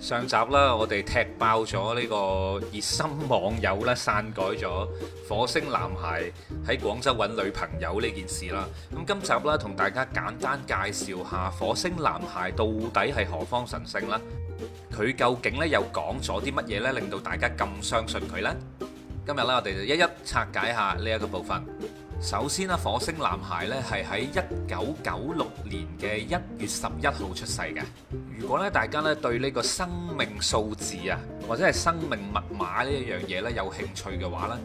上集啦，我哋踢爆咗呢個熱心網友呢，刪改咗火星男孩喺廣州揾女朋友呢件事啦。今集啦，同大家簡單介紹下火星男孩到底係何方神聖啦，佢究竟又講咗啲乜嘢呢，令到大家咁相信佢呢。今日呢我哋就一一拆解下呢一個部分。首先啦，火星男孩咧係喺一九九六年嘅一月十一號出世嘅。如果咧大家咧對呢個生命數字啊，或者係生命密碼呢一樣嘢咧有興趣嘅話咧。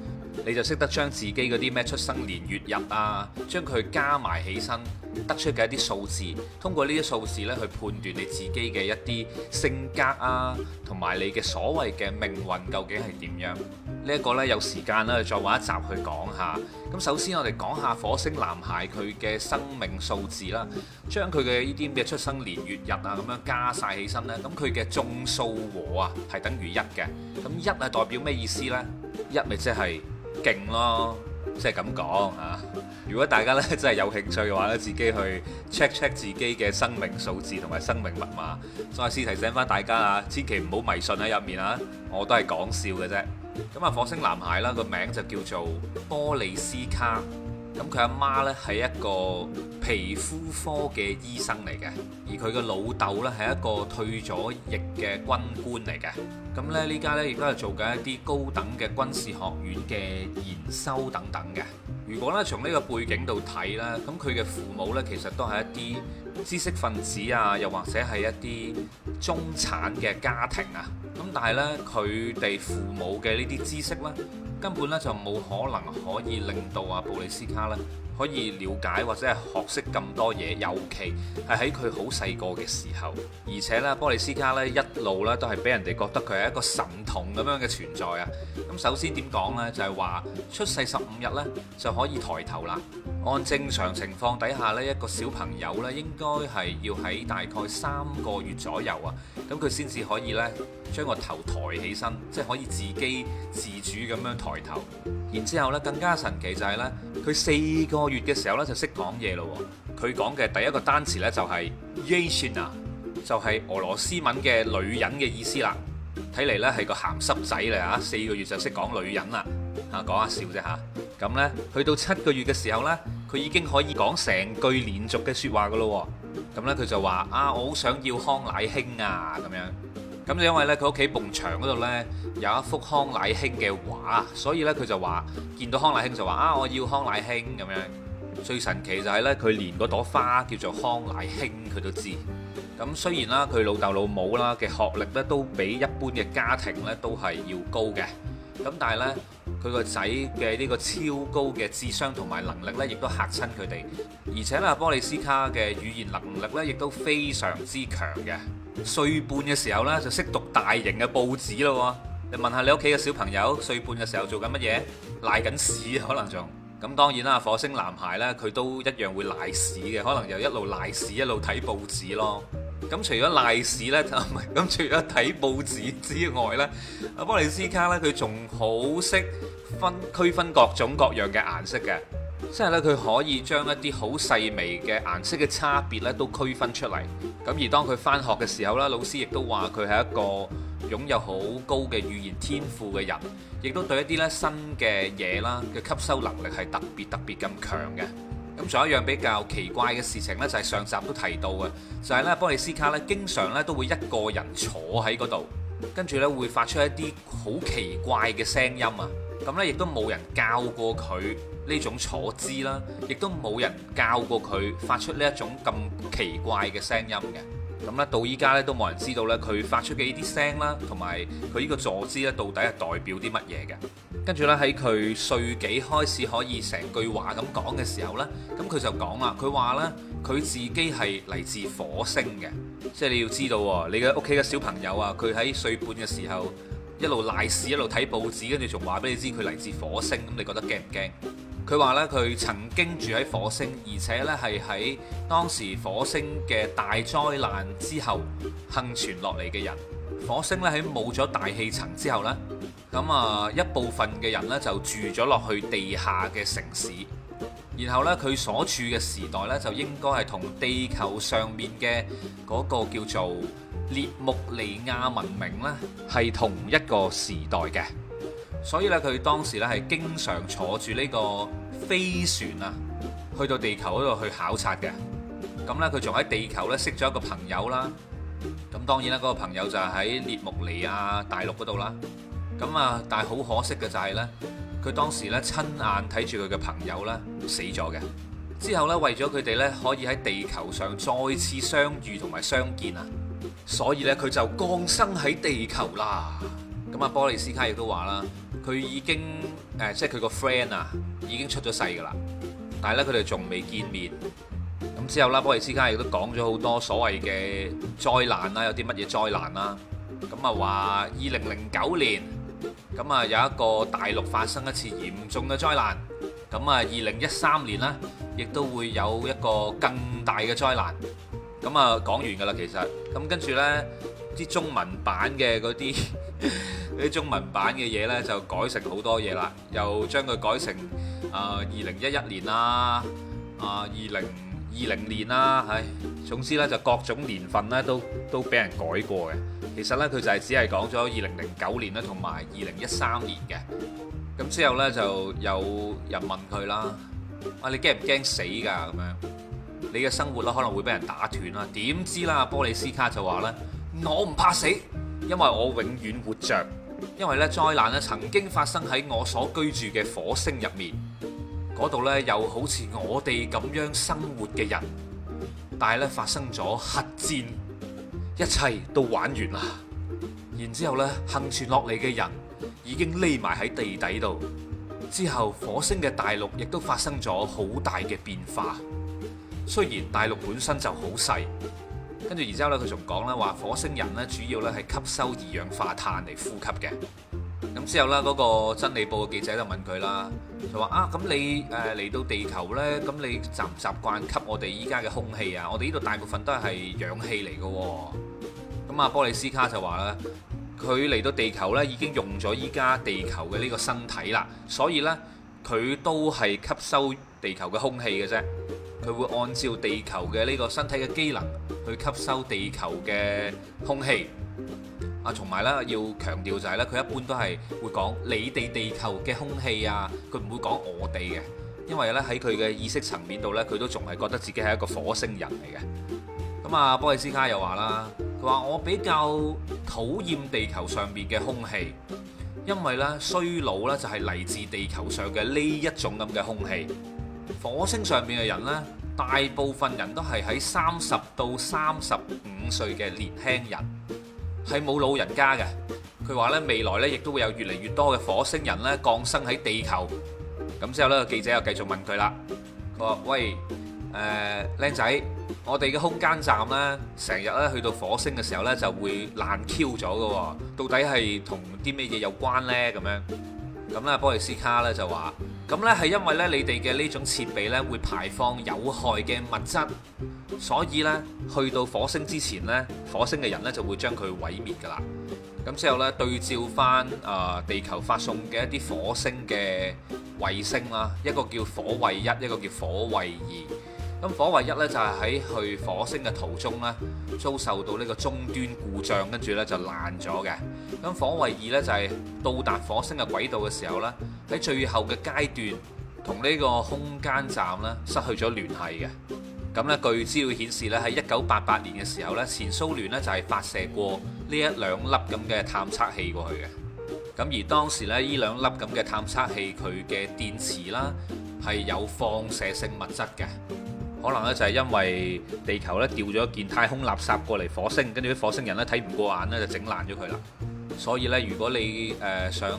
你就識得將自己嗰啲咩出生年月日啊，將佢加埋起身，得出嘅一啲數字，通過呢啲數字呢去判斷你自己嘅一啲性格啊，同埋你嘅所謂嘅命運究竟係點樣？呢一個呢，有時間呢，再揾一集去講下。咁首先我哋講下火星男孩佢嘅生命數字啦，將佢嘅呢啲咩出生年月日啊咁樣加晒起身呢。咁佢嘅總數和啊係等於一嘅。咁一係代表咩意思呢？「一」咪即係。勁咯，即係咁講嚇。如果大家咧真係有興趣嘅話咧，自己去 check check 自己嘅生命數字同埋生命密碼。再次提醒翻大家啊，千祈唔好迷信喺入面啊，我都係講笑嘅啫。咁啊，火星男孩啦，個名就叫做波利斯卡。咁佢阿媽呢係一個皮膚科嘅醫生嚟嘅，而佢嘅老豆呢係一個退咗役嘅軍官嚟嘅。咁呢呢家呢亦都係做緊一啲高等嘅軍事學院嘅研修等等嘅。如果呢從呢個背景度睇呢，咁佢嘅父母呢其實都係一啲知識分子啊，又或者係一啲中產嘅家庭啊。咁但係呢佢哋父母嘅呢啲知識呢。根本咧就冇可能可以令到阿布里斯卡咧。可以了解或者係學識咁多嘢，尤其係喺佢好細個嘅時候。而且咧，波利斯卡咧一路咧都係俾人哋覺得佢係一個神童咁樣嘅存在啊。咁首先點講咧？就係話出世十五日咧就可以抬頭啦。按正常情況底下咧，一個小朋友咧應該係要喺大概三個月左右啊，咁佢先至可以咧將個頭抬起身，即係可以自己自主咁樣抬頭。然之後咧，更加神奇就係、是、咧，佢四個月嘅時候咧就識講嘢咯。佢講嘅第一個單詞咧就係 Russian 啊，就係、是、俄羅斯文嘅女人嘅意思啦。睇嚟咧係個鹹濕仔嚟啊，四個月就識講女人啦。嚇，講下笑啫吓咁咧，去到七個月嘅時候咧，佢已經可以講成句連續嘅説話噶咯。咁咧佢就話啊，我好想要康乃馨啊咁樣。咁就因為呢，佢屋企埲牆嗰度呢有一幅康乃馨嘅畫，所以呢，佢就話見到康乃馨就話啊，我要康乃馨咁樣。最神奇就係呢，佢連嗰朵花叫做康乃馨佢都知。咁雖然啦，佢老豆老母啦嘅學歷呢都比一般嘅家庭呢都係要高嘅，咁但係呢，佢個仔嘅呢個超高嘅智商同埋能力呢，亦都嚇親佢哋。而且呢，波利斯卡嘅語言能力呢，亦都非常之強嘅。歲半嘅時候呢，就識讀大型嘅報紙咯。你問下你屋企嘅小朋友歲半嘅時候做緊乜嘢？賴緊屎可能仲，咁，當然啦。火星男孩呢，佢都一樣會賴屎嘅，可能又一路賴屎一路睇報紙咯。咁除咗賴屎呢，就唔係咁，咁除咗睇報紙之外呢，阿、啊、波利斯卡呢，佢仲好識分區分各種各樣嘅顏色嘅。即係咧，佢可以將一啲好細微嘅顏色嘅差別咧，都區分出嚟。咁而當佢翻學嘅時候咧，老師亦都話佢係一個擁有好高嘅語言天賦嘅人，亦都對一啲咧新嘅嘢啦嘅吸收能力係特別特別咁強嘅。咁仲有一樣比較奇怪嘅事情咧，就係上集都提到嘅，就係咧波利斯卡咧經常咧都會一個人坐喺嗰度，跟住咧會發出一啲好奇怪嘅聲音啊！咁咧，亦都冇人教過佢呢種坐姿啦，亦都冇人教過佢發出呢一種咁奇怪嘅聲音嘅。咁咧，到依家咧都冇人知道咧，佢發出嘅呢啲聲啦，同埋佢呢個坐姿咧，到底係代表啲乜嘢嘅？跟住咧，喺佢歲幾開始可以成句話咁講嘅時候咧，咁佢就講啦，佢話咧，佢自己係嚟自火星嘅。即係你要知道，你嘅屋企嘅小朋友啊，佢喺歲半嘅時候，一路賴屎，一路睇報紙，跟住仲話俾你知佢嚟自火星，咁你覺得驚唔驚？佢話呢，佢曾經住喺火星，而且呢係喺當時火星嘅大災難之後幸存落嚟嘅人。火星呢，喺冇咗大氣層之後呢，咁啊一部分嘅人呢，就住咗落去地下嘅城市。然後咧，佢所處嘅時代咧，就應該係同地球上面嘅嗰個叫做列穆里亞文明咧，係同一個時代嘅。所以咧，佢當時咧係經常坐住呢個飛船啊，去到地球嗰度去考察嘅。咁咧，佢仲喺地球咧識咗一個朋友啦。咁當然啦，嗰個朋友就係喺列穆里亞大陸嗰度啦。咁啊，但係好可惜嘅就係咧。佢當時咧親眼睇住佢嘅朋友咧死咗嘅，之後咧為咗佢哋咧可以喺地球上再次相遇同埋相見啊，所以咧佢就降生喺地球啦。咁啊，波利斯卡亦都話啦，佢已經誒，即係佢個 friend 啊，已經出咗世噶啦，但係咧佢哋仲未見面。咁之後啦，波利斯卡亦都講咗好多所謂嘅災難啦，有啲乜嘢災難啦，咁啊話二零零九年。咁啊，有一個大陸發生一次嚴重嘅災難，咁啊，二零一三年呢，亦都會有一個更大嘅災難。咁啊，講完噶啦，其實，咁跟住呢啲中文版嘅嗰啲啲中文版嘅嘢呢，就改成好多嘢啦，又將佢改成啊二零一一年啦，啊二零。二零年啦，唉，總之呢，就各種年份呢都都俾人改過嘅。其實呢，佢就係只係講咗二零零九年咧同埋二零一三年嘅。咁之後呢，就有人問佢啦，啊，你驚唔驚死㗎？咁樣你嘅生活啦可能會俾人打斷啦。點知啦，波利斯卡就話呢：「我唔怕死，因為我永遠活著。」因為呢災難咧曾經發生喺我所居住嘅火星入面。嗰度咧又好似我哋咁樣生活嘅人，但係咧發生咗核戰，一切都玩完啦。然之後咧倖存落嚟嘅人已經匿埋喺地底度。之後火星嘅大陸亦都發生咗好大嘅變化。雖然大陸本身就好細，跟住然之後咧佢仲講咧話火星人咧主要咧係吸收二氧化碳嚟呼吸嘅。之後啦，嗰個真理報嘅記者就問佢啦，就話啊，咁你誒嚟到地球呢？咁你習唔習慣吸我哋依家嘅空氣啊？我哋呢度大部分都係氧氣嚟嘅。咁啊，波利斯卡就話啦，佢嚟到地球呢已經用咗依家地球嘅呢個身體啦，所以呢，佢都係吸收地球嘅空氣嘅啫，佢會按照地球嘅呢個身體嘅機能去吸收地球嘅空氣。啊，同埋咧，要強調就係咧，佢一般都係會講你哋地球嘅空氣啊，佢唔會講我哋嘅，因為咧喺佢嘅意識層面度咧，佢都仲係覺得自己係一個火星人嚟嘅。咁啊，波利斯卡又話啦，佢話我比較討厭地球上邊嘅空氣，因為咧衰老咧就係嚟自地球上嘅呢一種咁嘅空氣。火星上面嘅人咧，大部分人都係喺三十到三十五歲嘅年輕人。係冇老人家嘅，佢話呢未來呢亦都會有越嚟越多嘅火星人呢降生喺地球。咁之後呢個記者又繼續問佢啦，佢話喂，誒，靚仔，我哋嘅空間站呢成日呢去到火星嘅時候呢就會爛 Q 咗嘅，到底係同啲咩嘢有關呢？咁樣，咁呢波利斯卡呢就話，咁呢係因為呢你哋嘅呢種設備呢會排放有害嘅物質。所以咧，去到火星之前咧，火星嘅人咧就會將佢毀滅噶啦。咁之後咧，對照翻啊地球發送嘅一啲火星嘅衛星啦，一個叫火衛一，一個叫火衛二。咁火衛一咧就係喺去火星嘅途中咧，遭受到呢個終端故障，跟住咧就爛咗嘅。咁火衛二咧就係到達火星嘅軌道嘅時候咧，喺最後嘅階段同呢個空間站咧失去咗聯繫嘅。咁咧，據資料顯示咧，喺一九八八年嘅時候咧，前蘇聯咧就係發射過呢一兩粒咁嘅探測器過去嘅。咁而當時咧，呢兩粒咁嘅探測器佢嘅電池啦，係有放射性物質嘅。可能咧就係因為地球咧掉咗一件太空垃圾過嚟火星，跟住啲火星人咧睇唔過眼咧，就整爛咗佢啦。所以咧，如果你誒想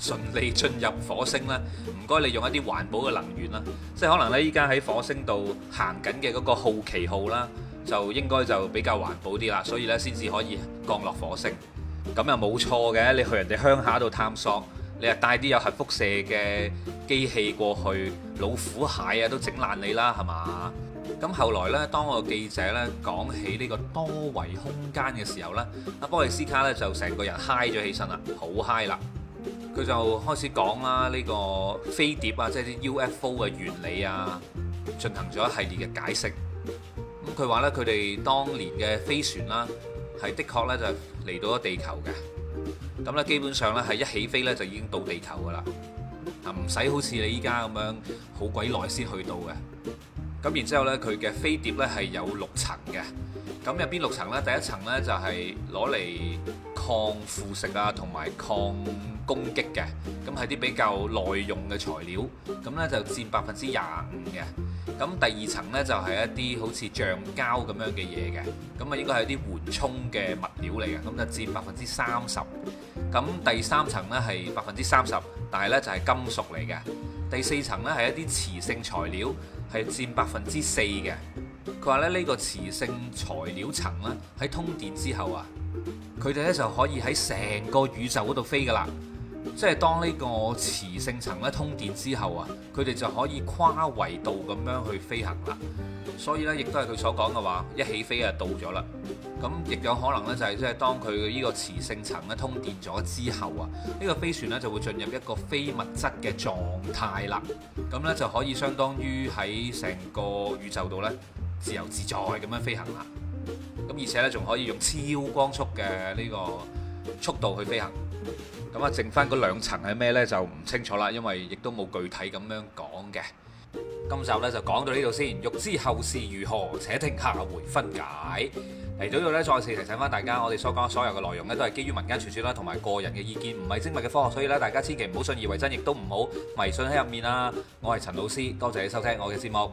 順利進入火星呢，唔該你用一啲環保嘅能源啦，即係可能呢，依家喺火星度行緊嘅嗰個好奇號啦，就應該就比較環保啲啦，所以呢，先至可以降落火星。咁又冇錯嘅，你去人哋鄉下度探索，你係帶啲有核輻射嘅機器過去，老虎蟹啊都整爛你啦，係嘛？咁後來呢，當個記者呢講起呢個多維空間嘅時候呢，阿波利斯卡呢就成個人嗨咗起身啦，好嗨啦！佢就開始講啦，呢個飛碟啊，即係啲 UFO 嘅原理啊，進行咗一系列嘅解釋。咁佢話呢，佢哋當年嘅飛船啦，係的確呢就嚟到咗地球嘅。咁呢，基本上呢係一起飛呢，就已經到地球噶啦，啊唔使好似你依家咁樣好鬼耐先去到嘅。咁然之後呢，佢嘅飛碟呢係有六層嘅。咁入邊六層呢，第一層呢就係攞嚟抗腐蝕啊，同埋抗攻擊嘅。咁係啲比較耐用嘅材料。咁呢就佔百分之廿五嘅。咁第二層呢，就係一啲好似橡膠咁樣嘅嘢嘅。咁啊應該係啲緩衝嘅物料嚟嘅。咁就佔百分之三十。咁第三層呢係百分之三十，但係呢就係金屬嚟嘅。第四層咧係一啲磁性材料，係佔百分之四嘅。佢話咧呢個磁性材料層咧喺通電之後啊，佢哋咧就可以喺成個宇宙嗰度飛㗎啦。即係當呢個磁性層咧通電之後啊，佢哋就可以跨維度咁樣去飛行啦。所以呢，亦都係佢所講嘅話，一起飛就到咗啦。咁亦有可能咧，就係即係當佢呢個磁性層咧通電咗之後啊，呢個飛船咧就會進入一個非物質嘅狀態啦。咁咧就可以相當於喺成個宇宙度咧自由自在咁樣飛行啦。咁而且咧仲可以用超光速嘅呢個速度去飛行。咁啊，剩翻嗰兩層係咩呢？就唔清楚啦，因為亦都冇具體咁樣講嘅。今集咧就講到呢度先。欲知後事如何，且聽下回分解。嚟到呢度呢，再次提醒翻大家，我哋所講所有嘅內容呢都係基於民間傳說啦，同埋個人嘅意見，唔係精密嘅科學，所以呢大家千祈唔好信以為真，亦都唔好迷信喺入面啦。我係陳老師，多謝你收聽我嘅節目。